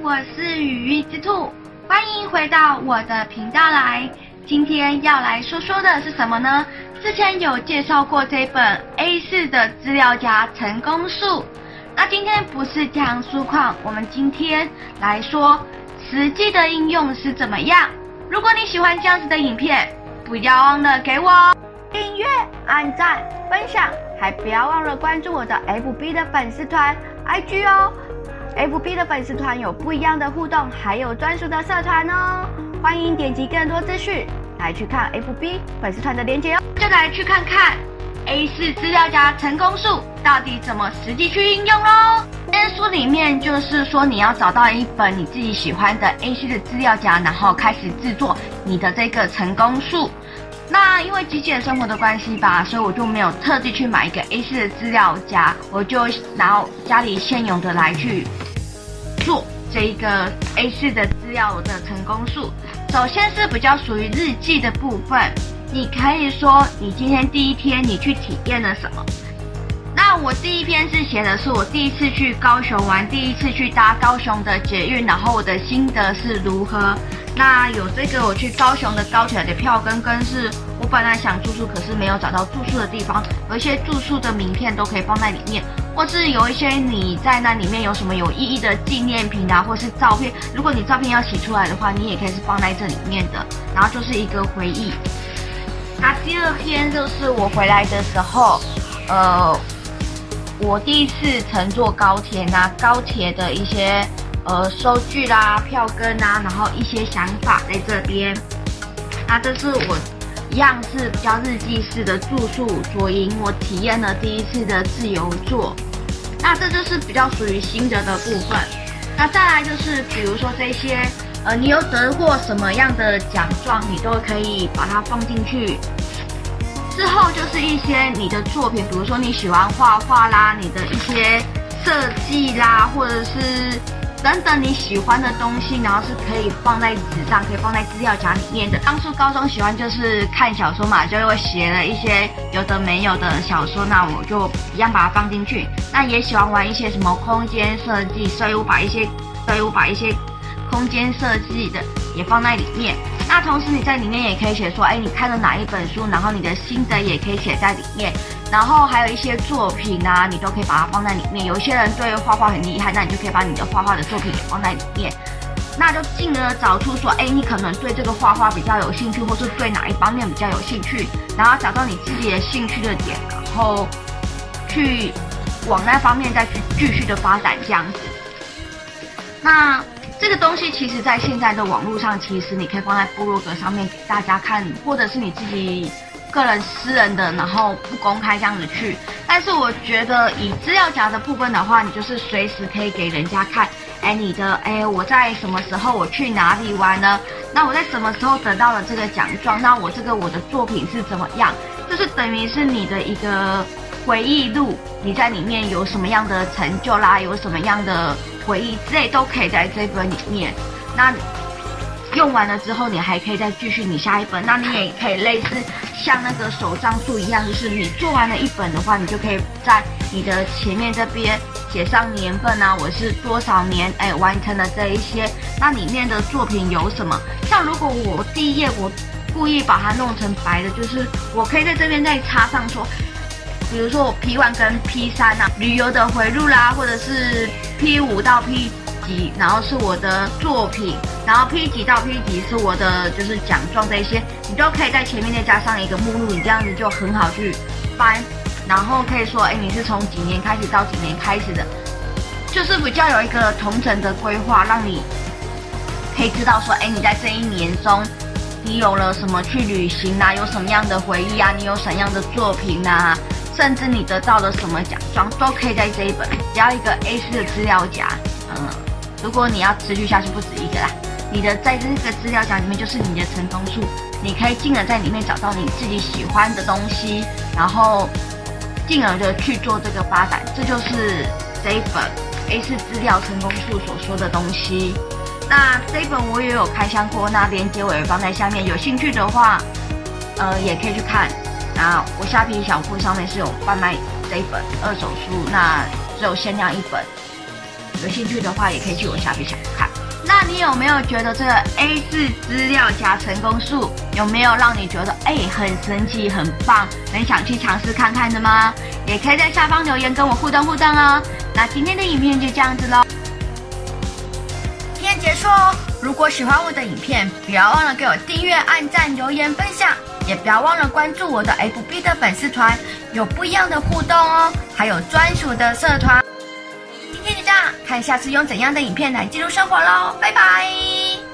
我是羽翼之兔，歡迎回到我的頻道來。今天要來說說的是什麼呢？之前有介紹過這本 A4 的資料夾成功術，那今天不是這樣書況，我們今天來說實際的應用是怎麼樣。如果你喜歡這樣子的影片，不要忘了給我訂閱、按讚、分享，還不要忘了關注我的 FB 的粉絲團 IG 哦。FB 的粉絲團有不一樣的互動，還有專屬的社團哦，歡迎點擊更多資訊來去看 FB 粉絲團的鏈接哦，就來去看看 A 四資料夾成功術到底怎麼實際去應用嘍。本 書裡面就是說你要找到一本你自己喜歡的 A 四的資料夾，然後開始製作你的這個成功術。那因為極簡生活的關係吧，所以我就沒有特地去買一個 A4 的資料夾，我就拿我家裡現有的來去做這一個 A4 的資料的成功術。首先是比較屬於日記的部分，你可以說你今天第一天你去體驗了什麼。那我第一篇是寫的是我第一次去高雄玩，第一次去搭高雄的捷運，然後我的心得是如何。那有這個我去高雄的高鐵的票根跟是。不然想住宿，可是沒有找到住宿的地方，有一些住宿的名片都可以放在裡面，或是有一些你在那裡面有什麼有意義的紀念品啊，或是照片，如果你照片要洗出來的話，你也可以是放在這裡面的，然後就是一個回憶。那第二天就是我回來的時候，呃，我第一次乘坐高鐵吶，高鐵的一些呃收據啦、票根啊，然後一些想法在這邊。那這是我。一樣是比較日記式的住宿，左營我體驗了第一次的自由座，那這就是比較屬於心得的部分。那再來就是比如說這些，呃，你有得過什麼樣的獎狀，你都可以把它放進去。之後就是一些你的作品，比如說你喜歡畫畫啦，你的一些設計啦，或者是。等等你喜歡的東西，然後是可以放在紙上，可以放在資料夾裡面的。當初高中喜歡就是看小說嘛，就會寫了一些有的沒有的小說，那我就一樣把它放進去。那也喜歡玩一些什麼空間設計，所以我把一些，所以我把一些空間設計的。也放在裡面。那同時你在裡面也可以寫說，哎、欸，你看了哪一本書，然後你的心得也可以寫在裡面。然後還有一些作品呢、啊，你都可以把它放在裡面。有些人對畫畫很厲害，那你就可以把你的畫畫的作品也放在裡面。那就進而找出說，哎、欸，你可能對這個畫畫比較有興趣，或是對哪一方面比較有興趣，然後找到你自己的興趣的點，然後去往那方面再去繼續的發展這樣子。那。這個東西其實，在現在的網絡上，其實你可以放在部落格上面給大家看，或者是你自己個人私人的，然後不公開這樣子去。但是我覺得，以資料夾的部分的話，你就是隨時可以給人家看。哎，你的，哎，我在什麼時候我去哪裡玩呢？那我在什麼時候得到了這個獎狀？那我這個我的作品是怎麼樣？就是等於是你的一個回憶錄，你在裡面有什麼樣的成就啦，有什麼樣的。回憶之類都可以在這本裡面。那用完了之後，你還可以再繼續你下一本。那你也可以類似像那個手賬書一樣，就是你做完了一本的話，你就可以在你的前面這邊寫上年份啊，我是多少年哎、欸、完成了這一些。那裡面的作品有什麼？像如果我第一頁我故意把它弄成白的，就是我可以在這邊再插上說。比如說我 P one 跟 P 三啊，旅遊的回路啦、啊，或者是 P 五到 P 幾，然後是我的作品，然後 P 幾到 P 幾是我的就是獎狀這一些，你都可以在前面再加上一個目錄，你這樣子就很好去翻，然後可以說，哎、欸，你是從幾年開始到幾年開始的，就是比較有一個統整的規劃，讓你可以知道說，哎、欸，你在這一年中你有了什麼去旅行啊，有什麼樣的回憶啊，你有什麼樣的作品啊。甚至你得到了什麼獎狀都可以在這一本，只要一個 A4 的資料夾。嗯，如果你要持續下去不止一個啦，你的在這個資料夾裡面就是你的成功術，你可以進而在裡面找到你自己喜歡的東西，然後進而的去做這個發展。這就是這一本 A4 資料成功術所說的東西。那這一本我也有開箱過，那鏈接我也放在下面，有興趣的話，呃，也可以去看。那我蝦皮小舖上面是有販賣這一本二手書，那只有限量一本，有興趣的話也可以去我蝦皮小舖看。那你有沒有覺得這個 A 四資料夾成功術有沒有讓你覺得哎、欸、很神奇、很棒、很想去嘗試看看的嗎？也可以在下方留言跟我互動互動哦。那今天的影片就這樣子嘍，影片結束哦。如果喜歡我的影片，不要忘了給我訂閱、按讚、留言、分享。也不要忘了關注我的 FB 的粉絲團，有不一樣的互動哦，還有專屬的社團。今天就這樣，看下次用怎樣的影片來記錄生活嘍，拜拜。